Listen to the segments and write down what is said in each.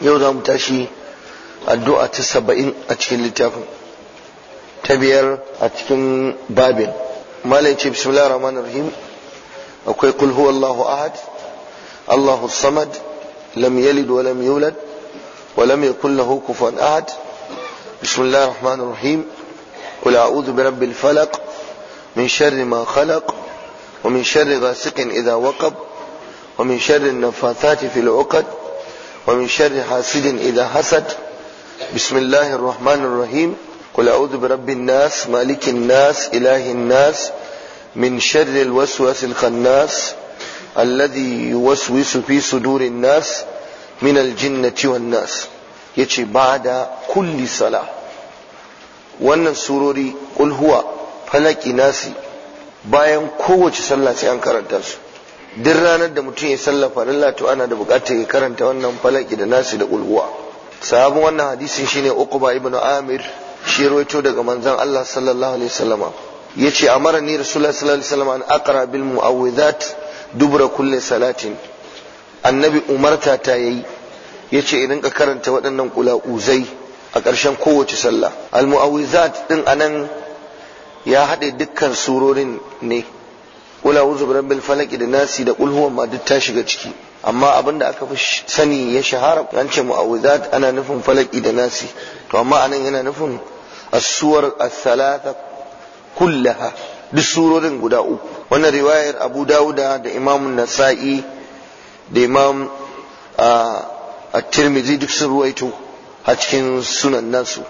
yau za mu tashi addu'a ta saba'in a cikin littafin ta biyar a cikin babin malam ce bismillah rahman rahim akwai kul huwa allahu ahad allahu samad lam yalid wa lam yulad wa lam yakul lahu kufuwan ahad bismillah rahman rahim قل أعوذ برب الفلق من شر ما خلق ومن شر غاسق إذا وقب ومن شر النفاثات في العقد ومن شر حاسد إذا حسد بسم الله الرحمن الرحيم قل أعوذ برب الناس مالك الناس إله الناس من شر الوسواس الخناس الذي يوسوس في صدور الناس من الجنة والناس يتي بعد كل صلاة wannan surori ƙulhuwa falaki nasi bayan kowace sallah sai an karanta su duk ranar da mutum ya sallafa lalla to ana da bukatar ya karanta wannan falaki da nasi da kulhuwa Sabon wannan hadisin shine Uquba ibnu amir shi rawaito daga manzon Allah sallallahu alaihi wasallama yace amara ni rasulullahi sallallahu alaihi wasallam an aqra bil muawwidat dubra kulli salatin annabi umarta ta yayi yace idan ka karanta waɗannan kula'uzai a ƙarshen kowace sallah al muawwizat din anan ya haɗe dukkan surorin ne kul wuzu bi rabbil falaki da nasi da kul huwa ma duk ta shiga ciki amma abinda aka fi sani ya shahara an ce mu'awizat ana nufin falaki da nasi to amma anan yana nufin as-suwar as-salata kullaha duk surorin guda uku wannan riwayar Abu Dawuda da Imam Nasa'i da Imam at-Tirmidhi duk sun ruwaito a cikin sunan nasu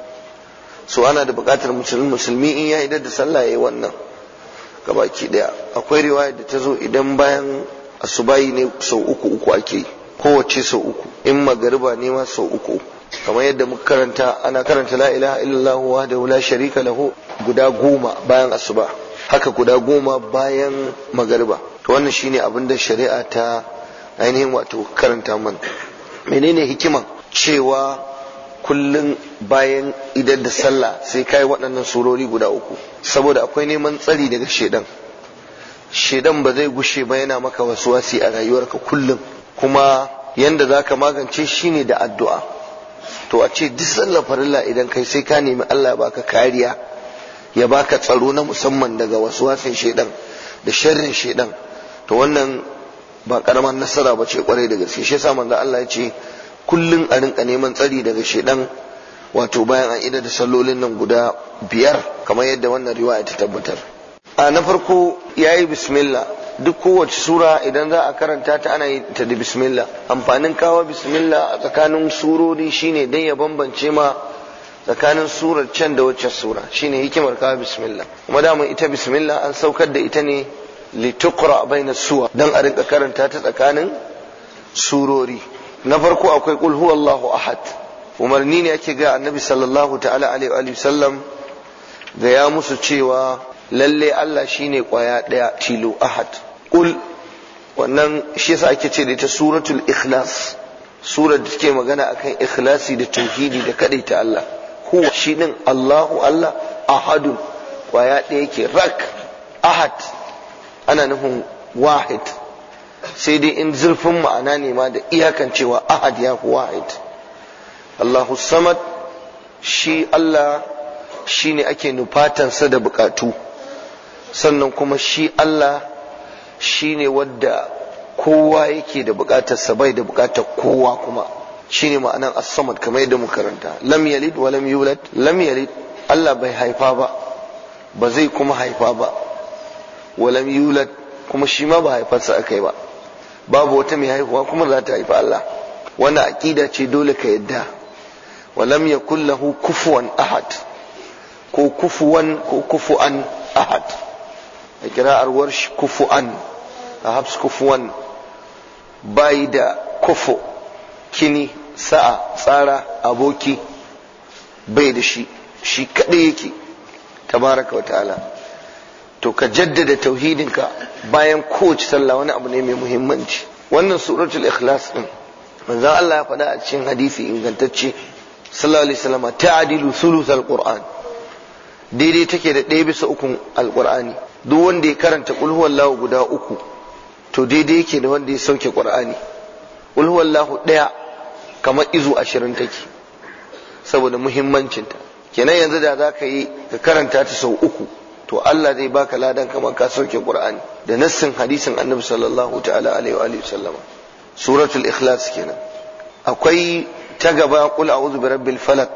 so ana da buƙatar musulmi in ya idar da sallah yayi wannan gabaki daya akwai riwaya da ta zo idan bayan asubayi ne sau uku uku ake kowace sau uku in magariba ne ma sau uku kamar yadda muka karanta ana karanta la ilaha illallah da la sharika lahu guda goma bayan asuba haka guda goma bayan magariba to wannan shine abin da shari'a ta ainihin wato karanta man menene hikiman cewa kullum bayan idan da sallah sai kai waɗannan surori guda uku saboda akwai neman tsari daga shedan shedan ba zai gushe ba yana maka wasu wasi a rayuwar ka kullum kuma yanda za ka magance shi ne da addu'a to a ce duk sallah farilla idan kai sai ka nemi Allah baka kariya ya baka tsaro na musamman daga wasu wasin shedan da sharrin shedan to wannan ba karamar nasara ba ce kwarai da gaske shi yasa manzo Allah ya ce kullum a rinka neman tsari daga shedan wato bayan an ida da sallolin nan guda biyar kamar yadda wannan riwaya ta tabbatar a na farko yayi bismillah duk kowace sura idan za a karanta ta ana yi ta da bismillah amfanin kawo bismillah a tsakanin surori shine dan ya bambance ma tsakanin surar can da wacce sura shine hikimar kawo bismillah kuma dama ita bismillah an saukar da ita ne tuqra baina suwa dan a rinka karanta ta tsakanin surori na farko akwai huwa huwallahu ahad umarni ne ake ga annabi sallallahu ta'ala alaihi wa sallam da ya musu cewa lalle Allah shine kwaya daya tilo ahad Kul wannan shi yasa ake ce da ita suratul ikhlas surar da take magana akan ikhlasi da tauhidi da kadaita Allah huwa shi Allahu Allah ahadun kwaya daya ke rak ahad ana nufin wahid sai dai in zurfin ma'ana ne ma da iyakan cewa ahad ya fi wahid Allahu samad shi Allah shi ne ake nufatansa da bukatu sannan kuma shi Allah shi ne wadda kowa yake da bukatarsa bai da bukatar kowa kuma shi ne ma'anan asamad kamar yadda mukaranta. karanta lam yalid wa lam yulad lam yalid Allah bai haifa ba ba zai kuma haifa ba wa lam yulad kuma shi ma ba haifarsa aka yi ba babu wata mai haihuwa kuma za ta haifi Allah wani aƙida ce dole ka yadda walam yakul lahu kufuwan ahad ko kufuwan ko kufuan ahad a kira'ar shi kufuan a habs kufuwan bai da kufu kini sa'a tsara aboki bai da shi shi kadai yake tabaraka wa ta'ala to ka jaddada tauhidinka bayan kowace sallah wani abu ne mai muhimmanci wannan suratul ikhlas din manzon Allah ya faɗa a cikin hadisi ingantacce sallallahu alaihi wasallam ta'dilu thuluth qur'an daidai take da ɗaya bisa ukun alqurani duk wanda ya karanta qul huwallahu guda uku to daidai yake da wanda ya sauke qur'ani qul huwallahu ɗaya kamar izu ashirin take saboda muhimmancinta kenan yanzu da za yi ka karanta ta sau uku to Allah zai baka ladan kamar ka sauke Qur'ani da nassin hadisin Annabi sallallahu ta'ala alaihi wa alihi sallama suratul ikhlas kenan akwai ta gaba qul a'udhu bi rabbil falaq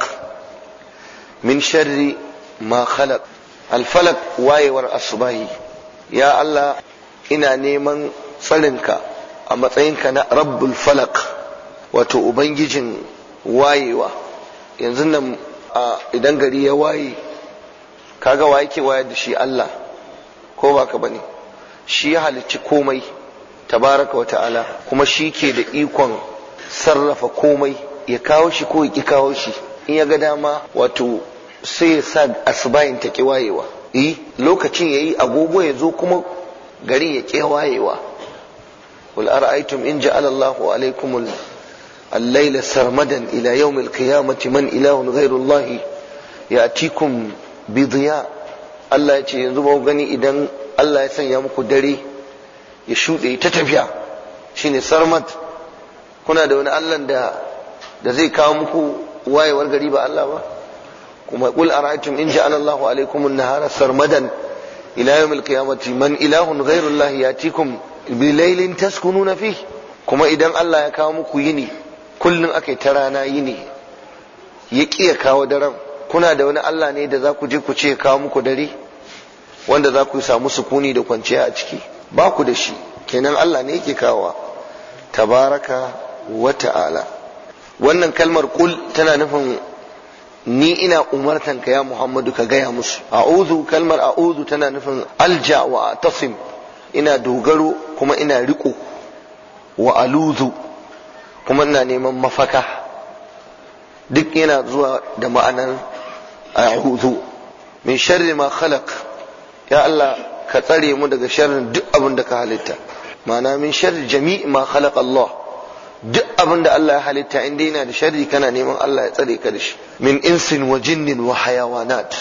min sharri ma khalaq al falaq wayewar asbahi ya Allah ina neman tsarinka a matsayinka na rabbul falaq wato ubangijin wayewa yanzu nan idan gari ya waye kaga wa yake wayar da shi Allah ko ba ka bane shi ya halicci komai tabaraka wa ta'ala kuma shi ke da ikon sarrafa komai ya kawo shi ko ya ki kawo shi in ya ga dama wato sai ya sa asibayin ta kiwayewa eh lokacin yayi agogo ya zo kuma garin ya kiwayewa wayewa qul ara'aytum in ja'ala Allahu alaykum al-layla sarmadan ila yawm al-qiyamati man ilahun ghayru Allah ya'tikum bidiya Allah ya ce yanzu ba gani idan Allah ya sanya muku dare ya shuɗe ta tafiya shine sarmat kuna da wani Allah da da zai kawo muku wayewar gari ba Allah ba kuma qul ara'aytum in ja'ala Allahu alaykum an-nahara sarmadan ila yawm qiyamati man ilahun ghayru Allah yatikum bi laylin taskununa fi. kuma idan Allah ya kawo muku yini kullun akai ta rana yini ya kiya kawo daren kuna da wani Allah ne da za ku je ku ce kawo muku dare wanda za ku samu sukuni da kwanciya a ciki ba ku da shi kenan Allah ne yake kawo tabaraka wa ta'ala wannan kalmar kul tana nufin ni ina umartan ka ya Muhammadu ka gaya musu a'udhu kalmar a'udhu tana nufin alja wa tasim ina dogaro kuma ina riko wa aluzu kuma ina neman mafaka duk yana zuwa da ma'anar a'udhu min sharri ma khalaq ya Allah ka tsare mu daga sharrin duk abin da ka halitta mana min sharri jami'i ma khalaq Allah duk abin da Allah ya halitta in dai yana da sharri kana neman Allah ya tsare ka da shi min insin wa jinnin wa hayawanat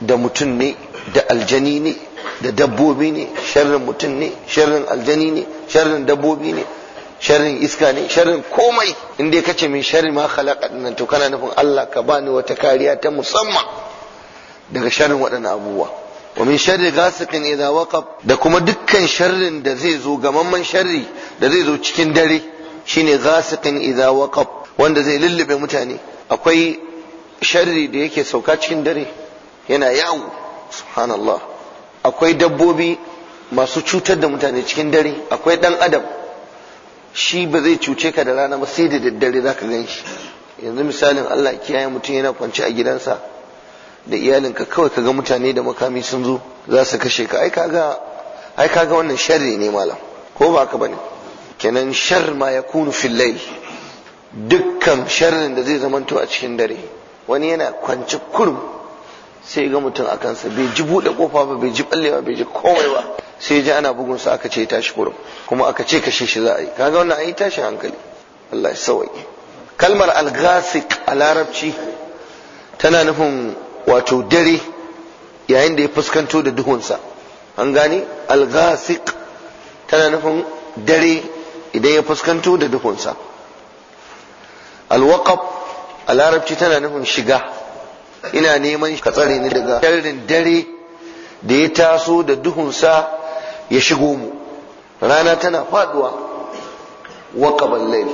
da mutum ne da aljani ne da dabbobi ne sharrin mutum ne sharrin aljani ne sharrin dabbobi ne sharrin iska ne sharrin komai in dai kace min sharri ma khalaqa nan to kana nufin Allah ka bani wata kariya ta musamman daga sharrin waɗannan abubuwa wa min sharri ghasiqin idza waqab da kuma dukkan sharrin da zai zo gamamman sharri da zai zo cikin dare shine ghasiqin idza waqab wanda zai lullube mutane akwai sharri da yake sauka cikin dare yana yawo subhanallah akwai dabbobi masu cutar da mutane cikin dare akwai dan adam shi ba zai cuce ka da rana ba sai da daddare za ka gan shi yanzu misalin Allah kiyaye mutum yana kwance a gidansa da iyalinka kawai ka ga mutane da makami sun zo za su kashe ka ai kaga ai kaga wannan sharri ne malam ko ba ka bane kenan shar ma yakunu fil layl dukkan sharrin da zai zamanto a cikin dare wani yana kwance kurum sai ga mutum a kansa bai ji buɗe kofa ba bai ji ballewa bai ji komai ba sai ji ana bugun sa aka ce tashi kurum kuma aka ce kashe shi za a yi kaga wannan ai tashi hankali Allah ya sauke kalmar al-ghasiq a larabci tana nufin wato dare yayin da ya fuskanto da duhunsa an gane al-ghasiq tana nufin dare idan ya fuskanto da duhunsa al-waqab a larabci tana nufin shiga ina neman ka tsare ni daga sharrin dare da ya taso da duhunsa ya shigo mu rana tana faduwa wa qabal layl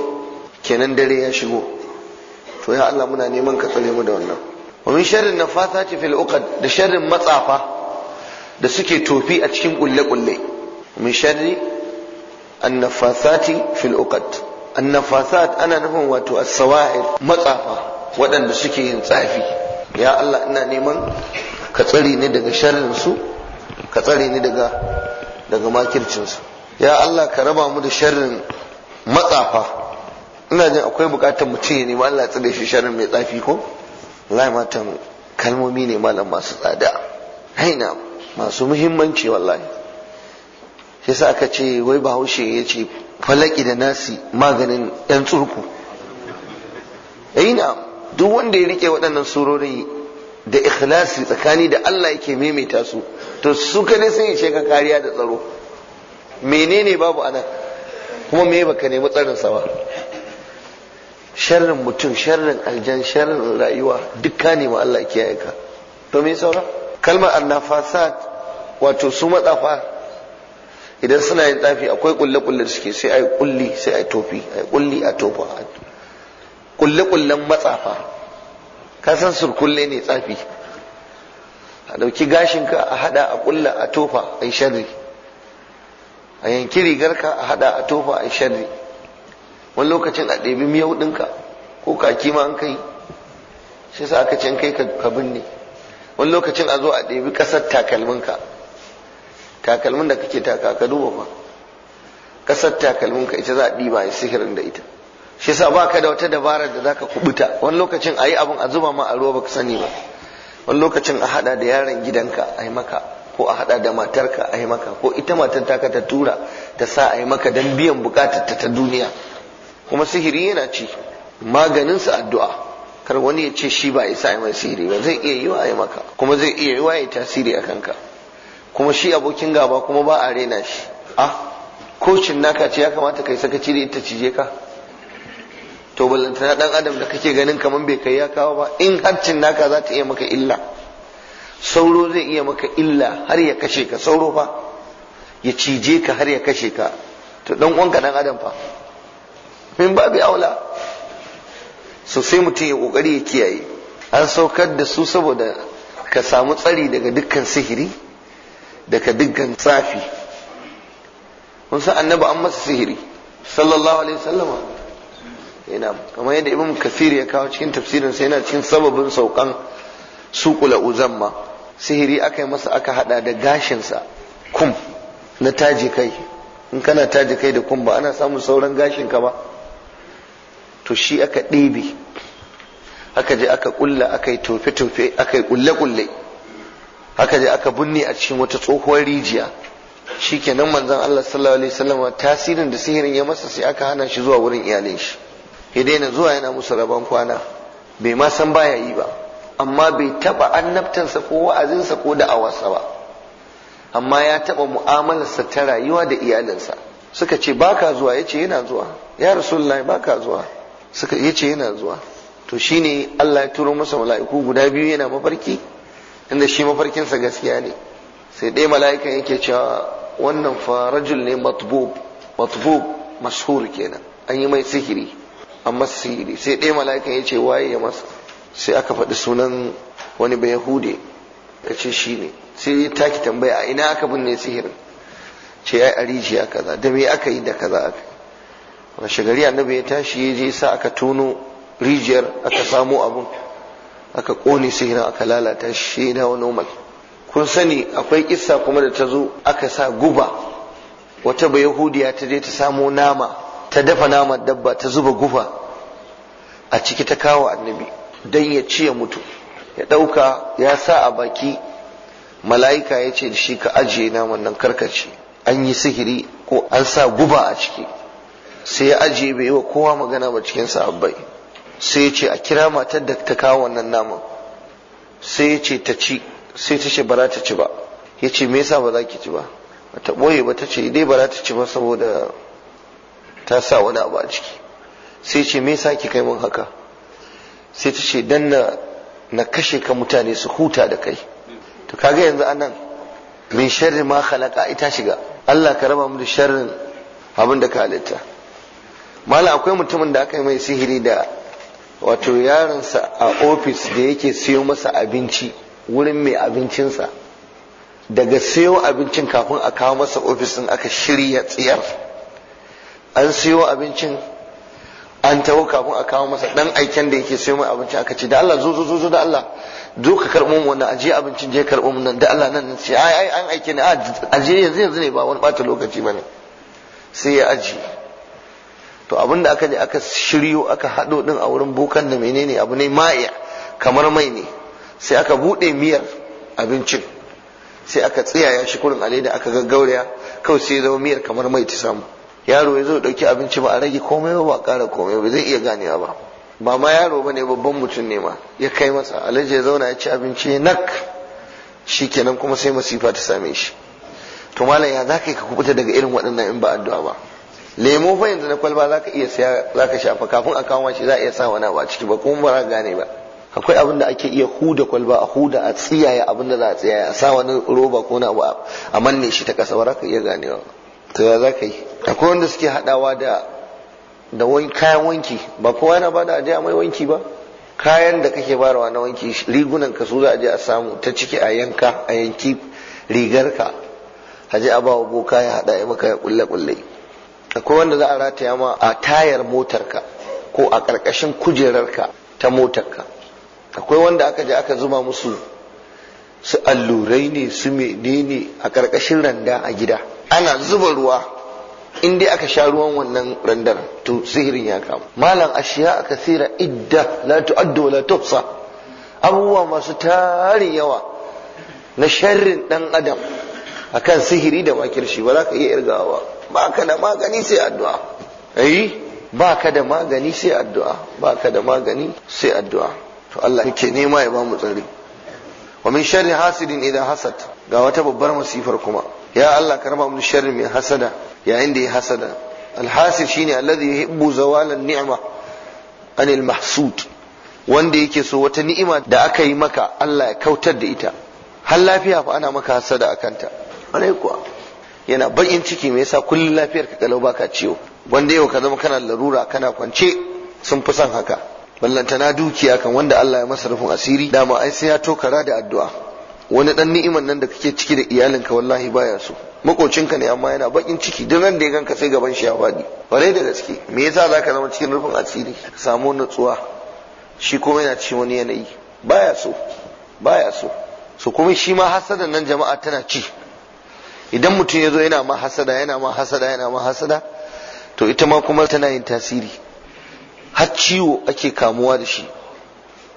kenan dare ya shigo to ya Allah muna neman ka tsare mu da wannan wa min sharrin nafathati fil uqad da sharrin matsafa da suke tofi a cikin kulle kulle min sharri annafathati fil uqad annafasat ana nufin wato as-sawa'ir matsafa waɗanda suke yin tsafi ya Allah ina neman ka tsare ni daga sharrin su ka tsare ni daga daga makircinsu ya Allah ka raba mu da sharrin matsafa ina jin akwai bukatar mutum ya nemi Allah tsare shi sharrin mai tsafi ko wallahi matan kalmomi ne malam masu tsada haina masu muhimmanci wallahi shi yasa aka ce wai bahaushe ya ce falaki da nasi maganin yan tsurku haina duk wanda ya rike waɗannan surori da ikhlasi tsakani da Allah yake maimaita su to su kadai sun ishe ka kariya da tsaro menene babu anan kuma me baka nemi tsarin sa ba sharrin mutum sharrin aljan sharrin rayuwa dukka ne ma Allah yake ka to me saura kalmar annafasat wato su matsafa idan suna yin tsafi akwai kulle kulle da suke sai ai kulli sai ai tofi ai kulli a tofa kulle kullen matsafa ka san surkulle ne tsafi a ɗauki gashinka a hada a kulla a tofa a yi shari a yanki rigarka a hada a tofa a yi shari wani lokacin a ɗebi miyau ɗinka ko kaki ma an kai shi sa aka can kai ka binne wani lokacin a zo a ɗebi ƙasar takalminka takalmin da kake taka ka duba fa ƙasar takalminka ita za a ɗiba yi sihirin da ita shi sa ba ka da wata dabarar da zaka kubuta wani lokacin a yi abin a zuba ma a ruwa baka sani ba wani lokacin a hada da yaron gidanka a yi maka ko a hada da matarka yi maka ko ita matar taka ta tura ta sa a yi maka dan biyan bukatar ta ta duniya kuma sihiri yana ci maganin sa addu'a kar wani ya ce shi ba isa yi mai sihiri ba zai iya yi wa a yi maka kuma zai iya yi wa ya tasiri a kanka kuma shi abokin gaba kuma ba a rena shi ah kocin naka ce ya kamata kai sakaci da ita cije ka to ballantana dan adam da kake ganin kaman bai kai ya kawo ba in harcin naka za ta iya maka illa sauro zai iya maka illa har ya kashe ka sauro fa ya cije ka har ya kashe ka to dan uwanka dan adam fa min babu aula so sai mutum ya kokari ya kiyaye an saukar da su saboda ka samu tsari daga dukkan sihiri daga dukkan tsafi kun san annabi an masa sihiri sallallahu alaihi wasallama yana kamar yadda ibn kathir ya kawo cikin tafsirin sai yana cikin sababin saukan suqula uzamma sihiri aka yi masa aka hada da gashinsa kum na taji kai in kana taji kai da kum ba ana samun sauran gashin ka ba to shi aka ɗebe aka je aka kulla aka yi tofe-tofe aka yi kulle-kulle aka je aka binne a cikin wata tsohuwar rijiya shi shikenan manzon Allah sallallahu alaihi wasallam tasirin da sihirin ya masa sai aka hana shi zuwa wurin iyalin shi ya daina zuwa yana musu rabon kwana bai ma san baya yi ba amma bai taba annabtansa ko wa'azinsa ko da awarsa ba amma ya taba mu'amalarsa ta rayuwa da iyalinsa suka ce baka zuwa yace yana zuwa ya rasulullahi baka zuwa suka yace yana zuwa to shine Allah ya turo masa mala'iku guda biyu yana mafarki inda shi mafarkinsa gaskiya ne sai dai mala'ikan yake cewa wannan fa rajul ne matbub matbub mashhur kenan an yi mai sihiri amma sihiri sai ɗaya mala'ikan ya ce waye ya masa sai aka faɗi sunan wani bai yahude ya ce shi ne sai ya taki tambaya a ina aka binne sihirin ce ya yi a rijiya kaza da me aka yi da kaza aka washe gari annabi ya tashi ya je sa aka tono rijiyar aka samo abun aka ƙone sihirin aka lalata shi na umar kun sani akwai kissa kuma da ta zo aka sa guba wata bai yahudiya ta je ta samo nama ta dafa naman dabba ta zuba gufa a ciki ta kawo annabi don ya ci ya mutu ya ɗauka ya sa a baki mala'ika ya ce da shi ka ajiye naman nan karkace an yi sihiri ko an sa guba a ciki sai ya ajiye bai yi wa kowa magana ba cikin sahabbai sai ya ce a kira matar da ta kawo wannan naman sai ya ce ta ci sai ta ce ba za ta ci ba ya ce me yasa ba za ki ci ba ta ɓoye ba ta ce dai ba za ta ci ba saboda ta sa wani abu a ciki sai ce me yasa ki kai mun haka sai ta ce dan na kashe ka mutane su huta da kai to kaga yanzu anan min sharri ma khalaqa ita shiga Allah ka raba mu da sharrin abin da ka halitta malam akwai mutumin da aka yi mai sihiri da wato yaronsa a ofis da yake siyo masa abinci wurin mai abincinsa daga siyo abincin kafin a kawo masa ofis din aka shirya tsiyar an siyo abincin an taho kafin a kawo masa dan aiken da yake siyo mai abincin aka ce da Allah zo zo zo da Allah zo ka karɓo mu wannan aje abincin je karɓo mu nan da Allah nan ce ai ai an aike ni aje yanzu yanzu ne ba wani bata lokaci bane sai ya aji to abinda aka je aka shiryo aka haɗo din a wurin bukan da menene abu ne ma'iya kamar mai ne sai aka buɗe miyar abincin sai aka tsiyaya shi kurin alai aka gaggauraya kawai sai ya zama miyar kamar mai ta samu yaro ya zo dauki abinci ba a rage komai ba ba ƙara komai ba zai iya ganewa ba ba ma yaro bane babban mutum ne ma ya kai masa alaje ya zauna ya ci abinci nak shi kenan kuma sai masifa ta same shi to malam ya zaka ka kubuta daga irin waɗannan in ba addu'a ba lemo fa yanzu na kwalba zaka iya saya zaka shafa kafin a kawo shi za a iya sa wani ba ciki ba kuma ba za gane ba akwai abin da ake iya huda kwalba a huda a tsiyaye abin da za a tsiyaye a sa wani roba ko na abu a manne shi ta kasa ba za ka iya ganewa to ya za akwai wanda suke hadawa da da kayan wanki ba kowa yana bada aje a mai wanki ba kayan da kake barawa na wanki rigunan ka su za a je a samu ta ciki a yanka a yanki rigar ka a a bawa boka ya hada ya maka ya kulle kulle akwai wanda za a rataya ma a tayar motar ka ko a karkashin kujerar ka ta motar ka akwai wanda aka je aka zuma musu su allurai ne su menene a karkashin randa a gida ana zuba ruwa in dai aka sha ruwan wannan randar to sihirin ya kama malam ashiya tsira idda la tu'addu wa la tuhsa abubuwa masu tarin yawa na sharrin dan adam akan sihiri da makirshi ba za ka iya irgawa ba ka da magani sai addu'a eh ba ka da magani sai addu'a ba ka da magani sai addu'a to Allah yake nema ya ba mu tsari wa min sharri hasidin idan hasad ga wata babbar masifar kuma ya Allah karba mu sharri mai hasada yayin da ya hasada alhasir shine alladhi yuhibbu zawalan ni'ma anil mahsud wanda yake so wata ni'ima da aka yi maka Allah ya kautar da ita har lafiya fa ana maka hasada akanta alai kuwa yana bakin ciki me yasa kullun lafiyar ka galau baka ciwo wanda yau ka zama kana larura kana kwance sun fi son haka ballantana dukiya kan wanda Allah ya masa rufin asiri dama ai sai ya tokara da addu'a wani dan ni'iman nan da kake ciki da iyalinka wallahi baya so makocinka ne amma yana bakin ciki duk nan da ya ganka sai gaban shi ya fadi bare da gaske me yasa zaka zama cikin rufin asiri ka samu nutsuwa shi kuma yana cikin wani yanayi baya so baya so so kuma shi ma hasadan nan jama'a tana ci idan mutum ya zo yana ma hasada yana ma hasada yana ma hasada to ita ma kuma tana yin tasiri har ciwo ake kamuwa da shi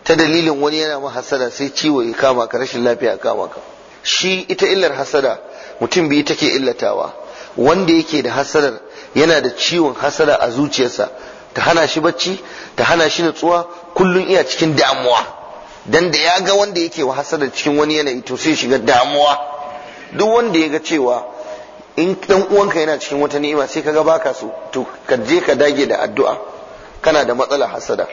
ta dalilin wani yana ma hasada sai ciwo ya kama ka rashin lafiya ya kama ka shi ita illar hasada mutum biyu take illatawa wanda yake da hasadar yana da ciwon hasada a zuciyarsa ta hana shi bacci ta hana shi natsuwa kullum iya cikin damuwa dan da ya ga wanda yake wa hasadar cikin wani yanayi to sai shiga damuwa duk wanda ya ga cewa in dan uwanka yana cikin wata ni'ima sai kaga baka so to ka je ka dage da addu'a kana da matsalar hasada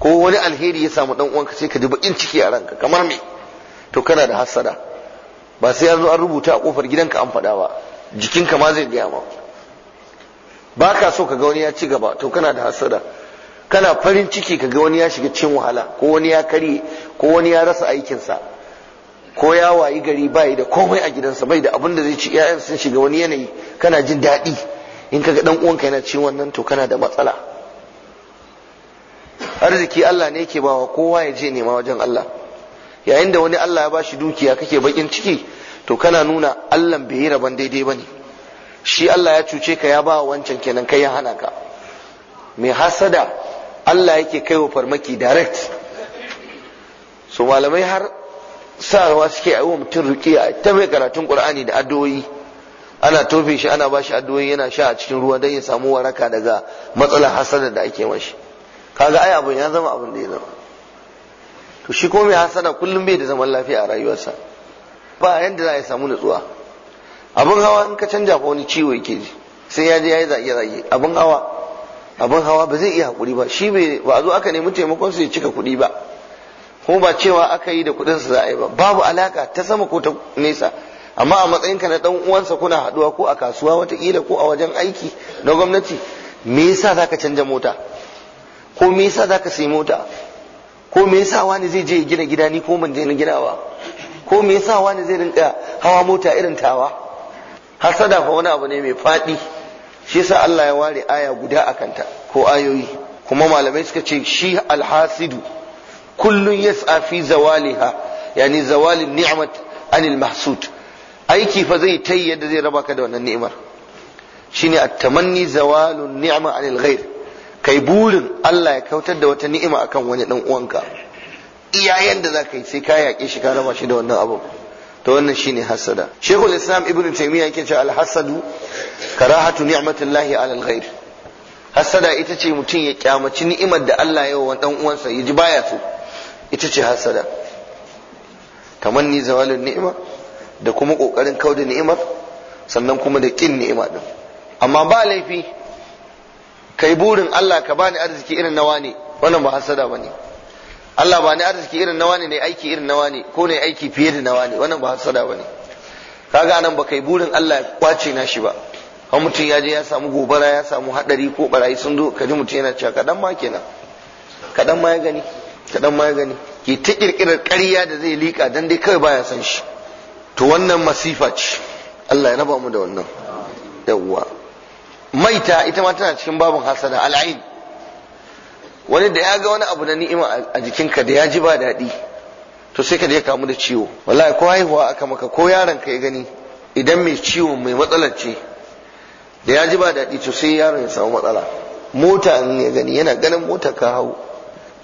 ko wani alheri ya samu dan uwanka sai ka ji bakin ciki a ranka kamar me to kana da hassada ba sai an an rubuta a kofar gidanka an faɗa ba jikinka ma zai gaya ma ba ka so ka ga wani ya ci gaba to kana da hassada kana farin ciki ka ga wani ya shiga cikin wahala ko wani ya karye ko wani ya rasa aikinsa ko ya wayi gari bai da komai a gidansa bai da abin da zai ci 'ya'yan sun shiga wani yanayi kana jin daɗi in kaga dan uwanka yana cikin wannan to kana da matsala arziki Allah ne yake bawa kowa ya je nema wajen Allah yayin da wani Allah ya bashi dukiya kake bakin ciki to kana nuna Allah bai yi rabon daidai bane shi Allah ya cuce ka ya ba wancan kenan kai ya hana ka mai hasada Allah yake kai wa farmaki direct so malamai har sarwa suke ayi wa mutum rukiya ta mai karatun qur'ani da addu'o'i ana tofe shi ana bashi addu'o'i yana sha a cikin ruwa don ya samu waraka daga matsalar hasada da ake mashi kaga ai abun ya zama abun da ya zama to shi kuma mai sana kullum bai da zaman lafiya a rayuwarsa ba yanda za a samu nutsuwa abun hawa in ka canja fa wani ciwo yake ji sai ya je ya yi zage zage abun hawa abun hawa ba zai iya hakuri ba shi bai ba zo aka nemi taimakon su ya cika kuɗi ba ko ba cewa aka yi da kuɗin su za a yi ba babu alaka ta sama ko ta nesa amma a matsayinka na dan uwansa kuna haɗuwa, ko a kasuwa watakila ko a wajen aiki na gwamnati me yasa zaka canja mota ko me yasa zaka sayi mota ko me yasa wani zai je gina gida ni ko ban je na ginawa ko me yasa wani zai rinka hawa mota irin tawa hasada fa wani abu ne mai faɗi shi yasa Allah ya ware aya guda a kanta ko ayoyi kuma malamai suka ce shi alhasidu kullun yas'a fi zawaliha yani zawalin ni'mat anil mahsud aiki fa zai tayi yadda zai raba ka da wannan ni'imar shine at-tamanni zawalun ni'ma anil ghair kai burin Allah ya kautar da wata ni'ima akan wani dan uwanka iyayen da zaka yi sai ka yaƙe shi ka raba shi da wannan abu to wannan shine hasada shekul islam ibn taymiya yake cewa hasadu karahatu ni'matillahi ala alghair hasada ita ce mutum ya kyamaci ni'imar da Allah ya wa dan uwansa ya ji baya su. ita ce hasada tamanni zawalin ni'ima da kuma kokarin kauda ni'imar sannan kuma da kin ni'ima din amma ba laifi kai burin Allah ka bani arziki irin nawa ne wannan ba hasada bane Allah ba ni arziki irin nawa ne ne aiki irin nawa ne ko ne aiki fiye da nawa ne wannan ba hasada bane kaga anan ba kai burin Allah ya kwace na shi ba har mutum ya je ya samu gobara ya samu hadari ko barayi sun zo kaji mutum yana cewa kadan ma kenan kadan ma ya gani kadan ma ya gani ke ta kirkirar ƙarya da zai lika dan dai kai baya san shi to wannan masifa ce Allah ya raba mu da wannan yawwa maita ita ma tana cikin babin hasada al'ain wani da ya ga wani abu na ni'ima a jikinka da ya ji ba daɗi to sai ka je kamu da ciwo wallahi ko haihuwa aka maka ko yaron ka ya gani idan mai ciwo mai matsalar ce da ya ji ba daɗi to sai yaron ya samu matsala mota in ya gani yana ganin mota ka hau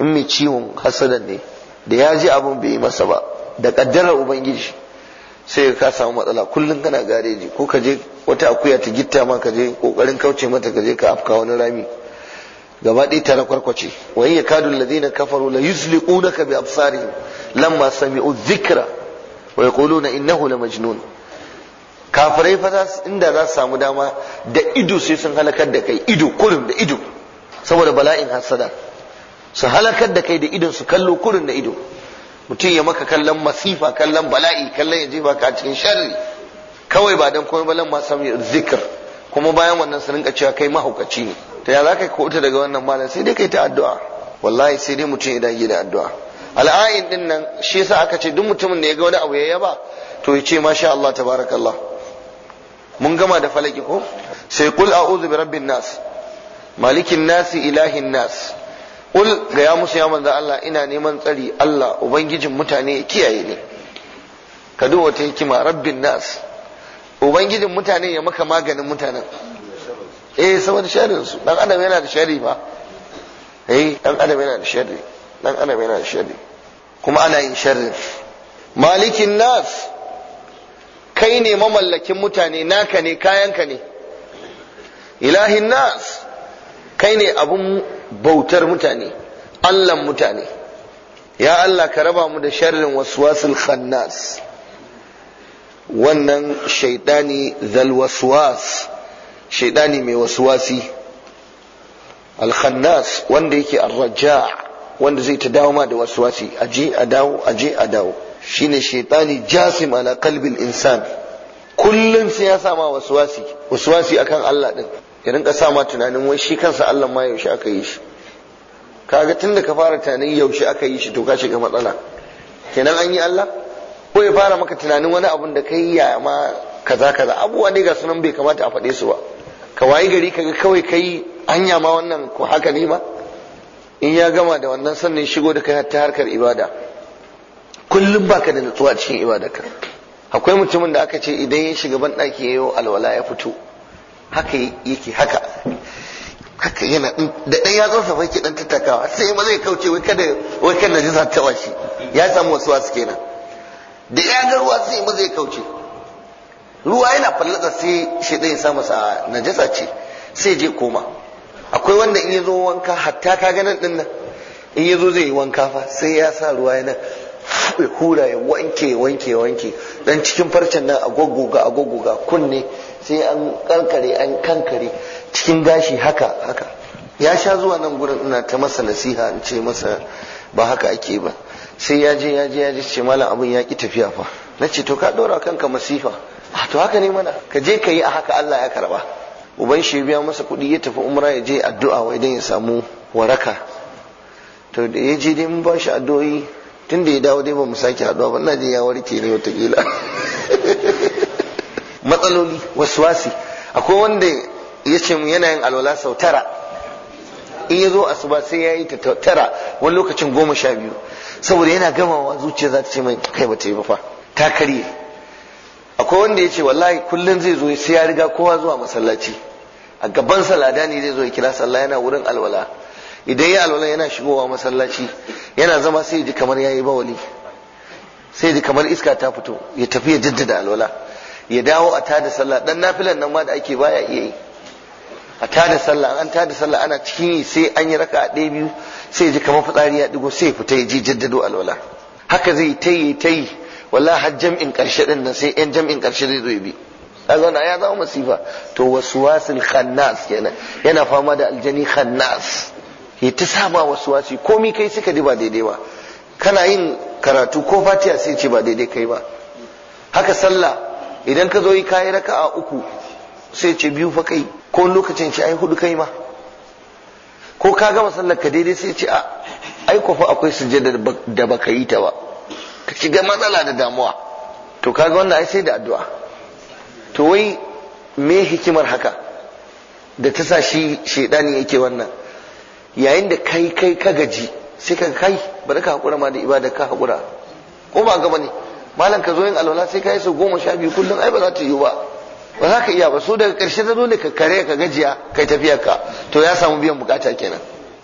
in mai ciwon hasadan ne da ya ji abin bai yi masa ba da ƙaddarar ubangiji sai ka samu matsala kullum kana gareji ko ka je wata akuya ta gitta ma ka je kokarin kauce mata ka je ka afka wani rami gaba ɗaya tare kwarkwace wa ya kadu alladhina kafaru la yuzliqunaka bi absarihim lamma sami'u dhikra wa yaquluna innahu la majnun kafirai fa inda za su samu dama da ido sai sun halakar da kai ido kurum da ido saboda bala'in hasada su halakar da kai da idon su kallo kurin da ido mutum ya maka kallon masifa kallon bala'i kallon ya jefa ka cikin sharri kawai ba dan komai balan ma samu zikir kuma bayan wannan su rinka cewa kai mahaukaci ne ta ya zaka kauta daga wannan malam sai dai kai ta addu'a wallahi sai dai mutum ya dage da addu'a al'ayin din nan shi yasa aka ce duk mutumin da ya ga wani abu ya yaba to ya ce masha Allah tabarakallah mun gama da falaki ko sai qul a'udhu bi rabbin nas malikin nasi, ilahin nas kul ga ya musu ya manzo Allah ina neman tsari Allah ubangijin mutane ya kiyaye ni ka duba wata hikima rabbin nas ubangijin mutane ya maka maganin mutanen eh saboda sharrin su dan adam yana da sharri ba eh dan adam yana da sharri dan adam yana da sharri kuma ana yin sharri malikin nas kai ne mamallakin mutane naka ne kayanka ne ilahin nas kai ne abun bautar mutane allan mutane ya Allah ka raba mu da sharrin waswasul khannas wannan shaidani zal waswas shaidani mai waswasi al khannas wanda yake arraja wanda zai ta dawo ma da waswasi aje a dawo aje a dawo shine shaitani jasim ala qalbil insan kullun sai ya sama waswasi waswasi akan Allah din ya rinka sa ma tunanin wai shi kansa Allah ma yaushe aka yi shi kaga tunda ka fara tunanin yaushe aka yi shi to ka shiga matsala kenan an yi Allah ko ya fara maka tunanin wani abun da kai ya ma kaza kaza abubuwa dai ga sunan bai kamata a faɗe su ba ka wayi gari kaga kawai kai anya ma wannan ko haka ne ma in ya gama da wannan sannan shigo da kai ta harkar ibada kullum baka da nutsuwa cikin ibadarka akwai mutumin da aka ce idan ya shiga ban ɗaki yayo alwala ya fito haka yake haka haka yana da ɗan zo fa yake ɗan tattakawa sai ma zai kauce wai kada wai kan najisa ta washi ya samu wasu wasu kenan da ya ga ruwa sai ma zai kauce ruwa yana fallasa sai shi ya samu sa najasa ce sai je koma akwai wanda in ya zo wanka hatta ka ganin ɗin nan in ya zo zai yi wanka fa sai ya sa ruwa yana ya hura ya wanke wanke wanke dan cikin farcen nan a goggoga a goggoga kunne sai an karkare an kankare cikin gashi haka haka ya sha zuwa nan gurin ina ta masa nasiha in ce masa ba haka ake ba sai ya je ya je ya je ce malam abin ya ki tafiya fa na ce to ka dora kanka masifa a ah, to haka ne mana ka je ka yi a haka Allah ya karba uban shi biya masa kuɗi ya tafi umra ya je addu'a wai dan ya samu waraka to da ya je dai mun ba shi addu'o'i tun da ya dawo dai ba mu sake haduwa ba ina je ya warke ne watakila matsaloli waswasi akwai wanda ya ce mu yana alwala sau tara in ya zo asuba sai ya yi ta tara wani lokacin goma sha biyu saboda yana gamawa zuciya za ta ce mai kai ba ta yi ba fa ta karye akwai wanda ya ce wallahi kullum zai zo sai ya riga kowa zuwa masallaci a gaban salada ne zai zo ya kira sallah yana wurin alwala idan ya alwala yana shigowa masallaci yana zama sai ji kamar yayi bawali sai ji kamar iska ta fito ya tafi ya jaddada alwala ya dawo a tada sallah dan nafilan nan ma da ake baya iya yi a tada sallah an tada sallah ana cikin sai an yi raka a ɗaya biyu sai ji kamar fitsari ya digo sai fita ya ji jaddado alwala haka zai ta yi ta yi wala har jam'in karshe din nan sai yan jam'in karshe zai zo ya bi kaga ya zama masifa to waswasil khannas kenan yana fama da aljani khannas ya ta saba wasu wasi komi kai suka ji ba daidai ba kana yin karatu ko fatiha sai ce ba daidai kai ba haka sallah idan ka zo yi kayi raka a uku sai ce biyu fa kai ko lokacin ce ai hudu kai ma ko ka gama sallar ka daidai sai ce a ai fa akwai sujjada da baka yi ta ba ka shiga matsala da damuwa to kaga wannan ai sai da addu'a to wai me hikimar haka da ta sa shi shedani yake wannan yayin da kai kai ka gaji sai ka kai da ka hakura ma da ibada ka hakura ko ba gaba ne malam ka zo yin alwala sai ka yi su goma sha biyu kullum ai ba za ta yi ba ba za ka iya ba so daga ƙarshe ta dole ka kare ka gajiya kai tafiya ka to ya samu biyan bukata kenan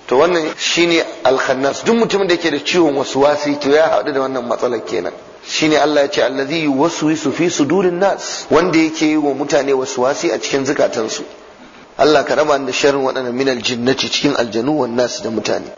to wannan shine alkhannas duk mutumin da yake da ciwon wasu wasi to ya haɗu da wannan matsalar kenan shine Allah ya ce allazi su fi sudurin nas wanda yake yi wa mutane wasu wasi a cikin zukatansu Allah ka raba ni da sharrin waɗannan minal jinnati cikin aljanu wan nasu da mutane